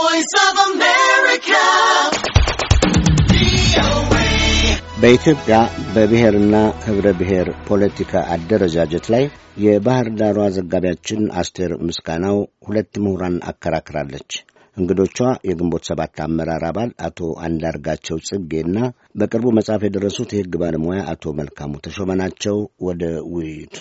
voice of America. በኢትዮጵያ በብሔርና ኅብረ ብሔር ፖለቲካ አደረጃጀት ላይ የባህር ዳሯ ዘጋቢያችን አስቴር ምስጋናው ሁለት ምሁራን አከራክራለች። እንግዶቿ የግንቦት ሰባት አመራር አባል አቶ አንዳርጋቸው ጽጌና በቅርቡ መጽሐፍ የደረሱት የሕግ ባለሙያ አቶ መልካሙ ተሾመ ናቸው። ወደ ውይይቱ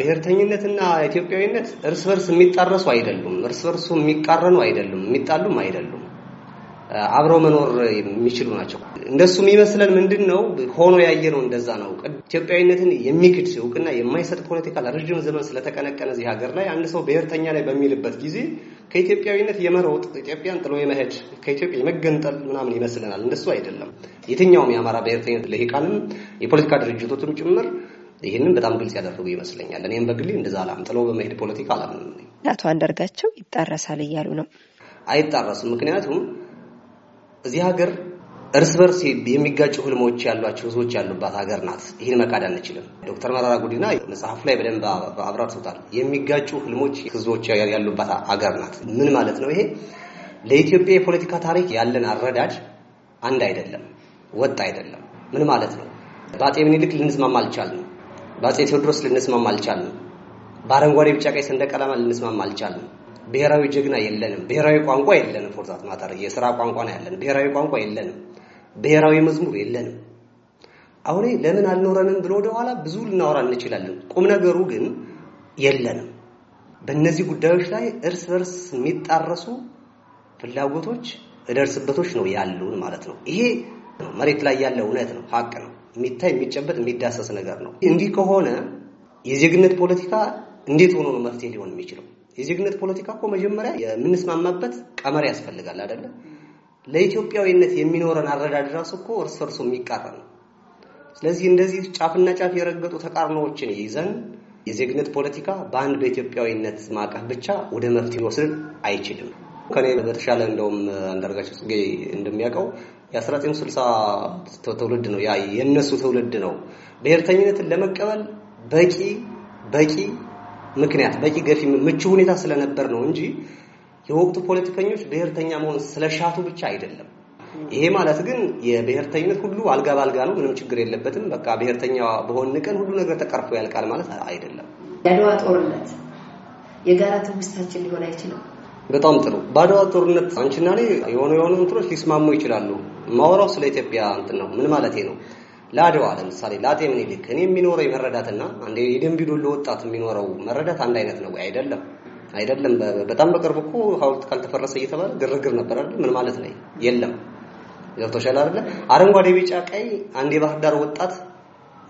ብሔርተኝነትና ኢትዮጵያዊነት እርስ በርስ የሚጣረሱ አይደሉም፣ እርስ በርሱ የሚቃረኑ አይደሉም፣ የሚጣሉም አይደሉም። አብረው መኖር የሚችሉ ናቸው። እንደሱ የሚመስለን ምንድን ነው ሆኖ ነው። እንደዛ ነው። ኢትዮጵያዊነትን የሚክድ እውቅና የማይሰጥ ፖለቲካ ለረዥም ዘመን ስለተቀነቀነ እዚህ ሀገር ላይ አንድ ሰው ብሔርተኛ ላይ በሚልበት ጊዜ ከኢትዮጵያዊነት የመረውጥ ኢትዮጵያን ጥሎ የመሄድ ከኢትዮጵያ የመገንጠል ምናምን ይመስለናል። እንደሱ አይደለም። የትኛውም የአማራ ብሔርተኝነት ልሂቃንም የፖለቲካ ድርጅቶችም ጭምር ይህንን በጣም ግልጽ ያደረጉ ይመስለኛል። እኔም በግሌ እንደዛ አላም ጥሎ በመሄድ ፖለቲካ አላምንም። አቶ አንዳርጋቸው ይጣረሳል እያሉ ነው። አይጣረስም። ምክንያቱም እዚህ ሀገር እርስ በርስ የሚጋጩ ህልሞች ያሏቸው ህዝቦች ያሉባት ሀገር ናት። ይህን መካድ አንችልም። ዶክተር መረራ ጉዲና መጽሐፉ ላይ በደንብ አብራርቶታል የሚጋጩ ህልሞች ህዝቦች ያሉባት ሀገር ናት። ምን ማለት ነው ይሄ? ለኢትዮጵያ የፖለቲካ ታሪክ ያለን አረዳድ አንድ አይደለም፣ ወጥ አይደለም። ምን ማለት ነው? በአጤ ምኒልክ ልንስማማ አልቻልንም። በአጼ ቴዎድሮስ ልንስማማ አልቻልንም። በአረንጓዴ ቢጫ ቀይ ሰንደቅ ዓላማ ልንስማማ አልቻልንም። ብሔራዊ ጀግና የለንም። ብሔራዊ ቋንቋ የለንም። ፎርዛት ማተር የስራ ቋንቋ ነው ያለን። ብሔራዊ ቋንቋ የለንም። ብሔራዊ መዝሙር የለንም። አሁን ለምን አልኖረንም ብሎ ወደኋላ ብዙ ልናወራ እንችላለን። ቁም ነገሩ ግን የለንም። በእነዚህ ጉዳዮች ላይ እርስ በርስ የሚጣረሱ ፍላጎቶች እደርስበቶች ነው ያሉን ማለት ነው። ይሄ ነው። መሬት ላይ ያለ እውነት ነው፣ ሀቅ ነው። የሚታይ የሚጨበጥ የሚዳሰስ ነገር ነው። እንዲህ ከሆነ የዜግነት ፖለቲካ እንዴት ሆኖ ነው መፍትሄ ሊሆን የሚችለው? የዜግነት ፖለቲካ እኮ መጀመሪያ የምንስማማበት ቀመር ያስፈልጋል አይደለ? ለኢትዮጵያዊነት የሚኖረን አረዳድ ራሱ እኮ እርስ በርሱ የሚቃረን ነው። ስለዚህ እንደዚህ ጫፍና ጫፍ የረገጡ ተቃርኖዎችን ይዘን የዜግነት ፖለቲካ በአንድ በኢትዮጵያዊነት ማዕቀፍ ብቻ ወደ መፍትሄ ሊወስድ አይችልም። ከኔ በተሻለ እንደውም አንዳርጋቸው ጽጌ እንደሚያውቀው የ1960 ትውልድ ነው ያ የነሱ ትውልድ ነው። ብሔርተኝነትን ለመቀበል በቂ በቂ ምክንያት በቂ ገፊ ምቹ ሁኔታ ስለነበር ነው እንጂ የወቅቱ ፖለቲከኞች ብሔርተኛ መሆን ስለሻቱ ብቻ አይደለም። ይሄ ማለት ግን የብሔርተኝነት ሁሉ አልጋ ባልጋ ነው፣ ምንም ችግር የለበትም፣ በቃ ብሔርተኛ በሆን ቀን ሁሉ ነገር ተቀርፎ ያልቃል ማለት አይደለም። የአድዋ ጦርነት የጋራ ትውስታችን ሊሆን አይችልም። በጣም ጥሩ። በአድዋ ጦርነት አንቺና እኔ የሆነ የሆኑ እንትኖች ሊስማሙ ይችላሉ። ማውራው ስለ ኢትዮጵያ እንትን ነው። ምን ማለቴ ነው? ለአድዋ ለምሳሌ ላጤ ምኒልክ እኔ የሚኖረው የመረዳትና አንዴ የደንቢዶሎ ወጣት የሚኖረው መረዳት አንድ አይነት ነው ወይ? አይደለም፣ አይደለም። በጣም በቅርብ እኮ ሐውልት ካልተፈረሰ እየተባለ ግርግር ነበር አይደል? ምን ማለት ነው? የለም። ገብቶሻል አይደለ? አረንጓዴ፣ ቢጫ፣ ቀይ አንድ የባህር ዳር ወጣት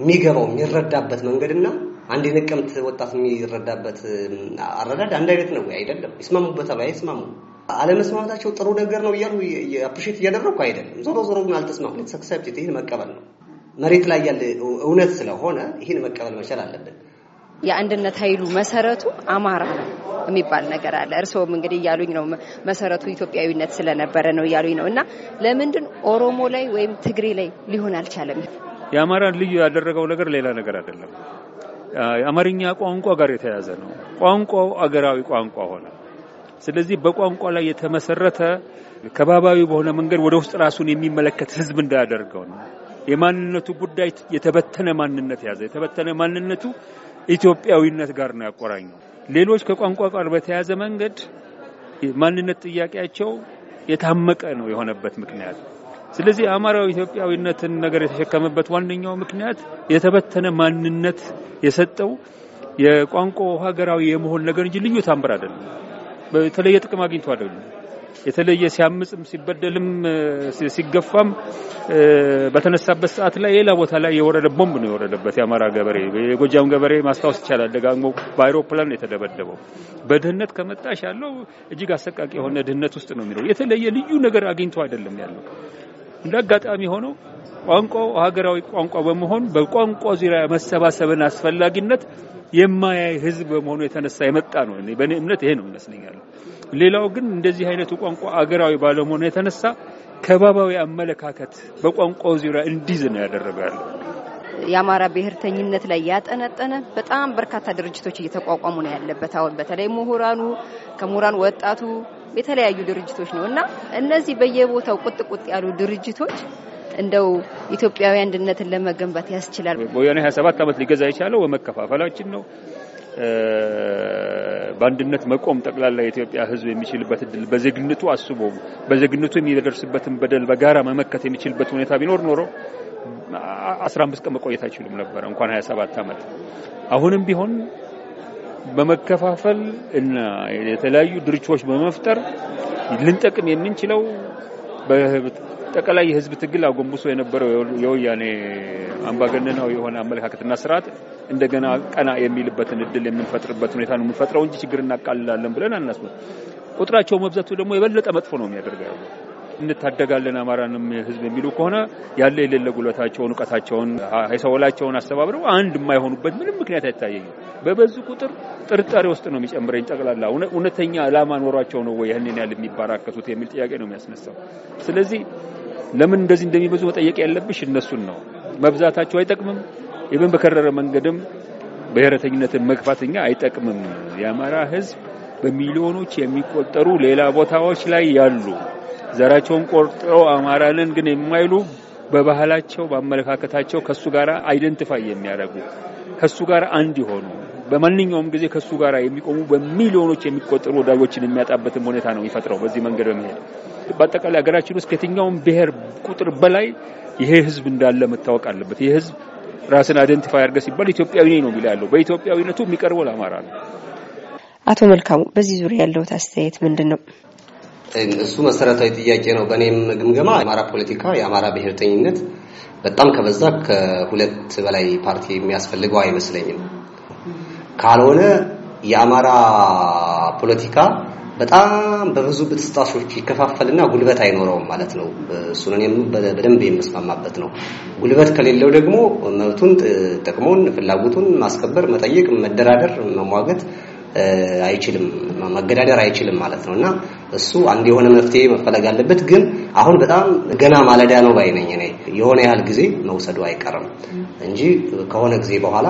የሚገባው የሚረዳበት መንገድና አንድ የነቀምት ወጣት የሚረዳበት አረዳድ አንድ አይነት ነው ወይ? አይደለም። ይስማሙበት አይስማሙ አለመስማማታቸው ጥሩ ነገር ነው እያሉ አፕሪሼት እያደረኩ አይደለም። ዞሮ ዞሮ ግን አልተስማማን ሰክሰፕት ይህን መቀበል ነው። መሬት ላይ ያለ እውነት ስለሆነ ይህን መቀበል መቻል አለብን። የአንድነት ኃይሉ መሰረቱ አማራ የሚባል ነገር አለ። እርስዎም እንግዲህ እያሉኝ ነው መሰረቱ ኢትዮጵያዊነት ስለነበረ ነው እያሉኝ ነው። እና ለምንድን ኦሮሞ ላይ ወይም ትግሬ ላይ ሊሆን አልቻለም? የአማራን ልዩ ያደረገው ነገር ሌላ ነገር አይደለም። የአማርኛ ቋንቋ ጋር የተያያዘ ነው። ቋንቋው አገራዊ ቋንቋ ሆነ። ስለዚህ በቋንቋ ላይ የተመሰረተ ከባባዊ በሆነ መንገድ ወደ ውስጥ ራሱን የሚመለከት ህዝብ እንዳያደርገው ነው። የማንነቱ ጉዳይ የተበተነ ማንነት ያዘ። የተበተነ ማንነቱ ኢትዮጵያዊነት ጋር ነው ያቆራኘው። ሌሎች ከቋንቋ ጋር በተያያዘ መንገድ ማንነት ጥያቄያቸው የታመቀ ነው የሆነበት ምክንያት። ስለዚህ አማራዊ ኢትዮጵያዊነትን ነገር የተሸከመበት ዋነኛው ምክንያት የተበተነ ማንነት የሰጠው የቋንቋው ሀገራዊ የመሆን ነገር እንጂ ልዩ ታምር አይደለም። የተለየ ጥቅም አግኝቶ አይደለም። የተለየ ሲያምጽም ሲበደልም ሲገፋም በተነሳበት ሰዓት ላይ ሌላ ቦታ ላይ የወረደ ቦምብ ነው የወረደበት። የአማራ ገበሬ የጎጃም ገበሬ ማስታወስ ይቻላል። ደጋግሞ በአይሮፕላን ነው የተደበደበው። በድህነት ከመጣሽ ያለው እጅግ አሰቃቂ የሆነ ድህነት ውስጥ ነው የሚለው። የተለየ ልዩ ነገር አግኝቶ አይደለም ያለው። እንደ አጋጣሚ ሆኖ ቋንቋው ሀገራዊ ቋንቋ በመሆን በቋንቋ ዙሪያ መሰባሰብን አስፈላጊነት የማያይ ህዝብ በመሆኑ የተነሳ የመጣ ነው። በእኔ እምነት ይሄ ነው ይመስለኛል። ሌላው ግን እንደዚህ አይነቱ ቋንቋ አገራዊ ባለመሆኑ የተነሳ ከባባዊ አመለካከት በቋንቋው ዙሪያ እንዲዝ ነው ያደረጋል። የአማራ ብሔርተኝነት ላይ ያጠነጠነ በጣም በርካታ ድርጅቶች እየተቋቋሙ ነው ያለበት። አሁን በተለይ ምሁራኑ፣ ከምሁራን ወጣቱ የተለያዩ ድርጅቶች ነው እና እነዚህ በየቦታው ቁጥቁጥ ያሉ ድርጅቶች እንደው ኢትዮጵያዊ አንድነትን ለመገንባት ያስችላል። ወያኔ 27 ዓመት ሊገዛ የቻለው በመከፋፈላችን ነው። በአንድነት መቆም ጠቅላላ የኢትዮጵያ ሕዝብ የሚችልበት እድል በዜግነቱ አስቦ በዜግነቱ የሚደርስበትን በደል በጋራ መመከት የሚችልበት ሁኔታ ቢኖር ኖሮ 15 ቀን መቆየት አይችሉም ነበር፣ እንኳን 27 ዓመት። አሁንም ቢሆን በመከፋፈል እና የተለያዩ ድርቻዎች በመፍጠር ልንጠቅም የምንችለው ጠቅላይ የህዝብ ትግል አጎንብሶ የነበረው የወያኔ አምባገነናዊ የሆነ አመለካከትና ስርዓት እንደገና ቀና የሚልበትን እድል የምንፈጥርበት ሁኔታ ነው የምንፈጥረው እንጂ ችግር እናቃልላለን ብለን አናስብም። ቁጥራቸው መብዛቱ ደግሞ የበለጠ መጥፎ ነው የሚያደርገው። እንታደጋለን አማራንም ህዝብ የሚሉ ከሆነ ያለ የሌለ ጉልበታቸውን፣ እውቀታቸውን፣ ሀይሰወላቸውን አስተባብረው አንድ የማይሆኑበት ምንም ምክንያት አይታየኝም። በበዙ ቁጥር ጥርጣሬ ውስጥ ነው የሚጨምረኝ። ጠቅላላ እውነተኛ ዓላማ ኖሯቸው ነው ወይ ይህንን ያህል የሚባራከቱት የሚል ጥያቄ ነው የሚያስነሳው። ስለዚህ ለምን እንደዚህ እንደሚበዙ መጠየቅ ያለብሽ እነሱን ነው። መብዛታቸው አይጠቅምም። ይብን በከረረ መንገድም ብሔረተኝነትን መግፋትኛ አይጠቅምም። የአማራ ህዝብ በሚሊዮኖች የሚቆጠሩ ሌላ ቦታዎች ላይ ያሉ ዘራቸውን ቆርጠው አማራንን ግን የማይሉ በባህላቸው በአመለካከታቸው ከሱ ጋር አይደንቲፋይ የሚያደርጉ ከሱ ጋር አንድ የሆኑ በማንኛውም ጊዜ ከሱ ጋር የሚቆሙ በሚሊዮኖች የሚቆጠሩ ወዳጆችን የሚያጣበትም ሁኔታ ነው የሚፈጥረው። በዚህ መንገድ በመሄድ በአጠቃላይ ሀገራችን ውስጥ ከየትኛውም ብሔር ቁጥር በላይ ይሄ ህዝብ እንዳለ መታወቅ አለበት። ይሄ ህዝብ ራስን አይደንቲፋይ አድርገ ሲባል ኢትዮጵያዊ ነው የሚል ያለው በኢትዮጵያዊነቱ የሚቀርበው ለአማራ ነው። አቶ መልካሙ በዚህ ዙሪያ ያለውት አስተያየት ምንድን ነው? እሱ መሰረታዊ ጥያቄ ነው። በእኔም ግምገማ የአማራ ፖለቲካ የአማራ ብሔርተኝነት በጣም ከበዛ ከሁለት በላይ ፓርቲ የሚያስፈልገው አይመስለኝም። ካልሆነ የአማራ ፖለቲካ በጣም በብዙ ብጥስጣሾች ይከፋፈልና ጉልበት አይኖረውም ማለት ነው። እሱን እኔም በደንብ የምስማማበት ነው። ጉልበት ከሌለው ደግሞ መብቱን፣ ጥቅሙን፣ ፍላጎቱን ማስከበር፣ መጠየቅ፣ መደራደር፣ መሟገት አይችልም መገዳደር አይችልም ማለት ነው እና እሱ አንድ የሆነ መፍትሄ መፈለግ አለበት። ግን አሁን በጣም ገና ማለዳ ነው ባይነኝ እኔ የሆነ ያህል ጊዜ መውሰዱ አይቀርም እንጂ ከሆነ ጊዜ በኋላ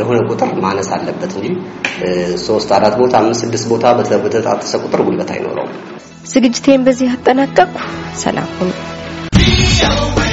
ለሆነ ቁጥር ማነስ አለበት እንጂ ሶስት አራት ቦታ አምስት ስድስት ቦታ በተጣጠሰ ቁጥር ጉልበት አይኖረውም። ዝግጅቴን በዚህ አጠናቀቅኩ። ሰላም ሁኑ።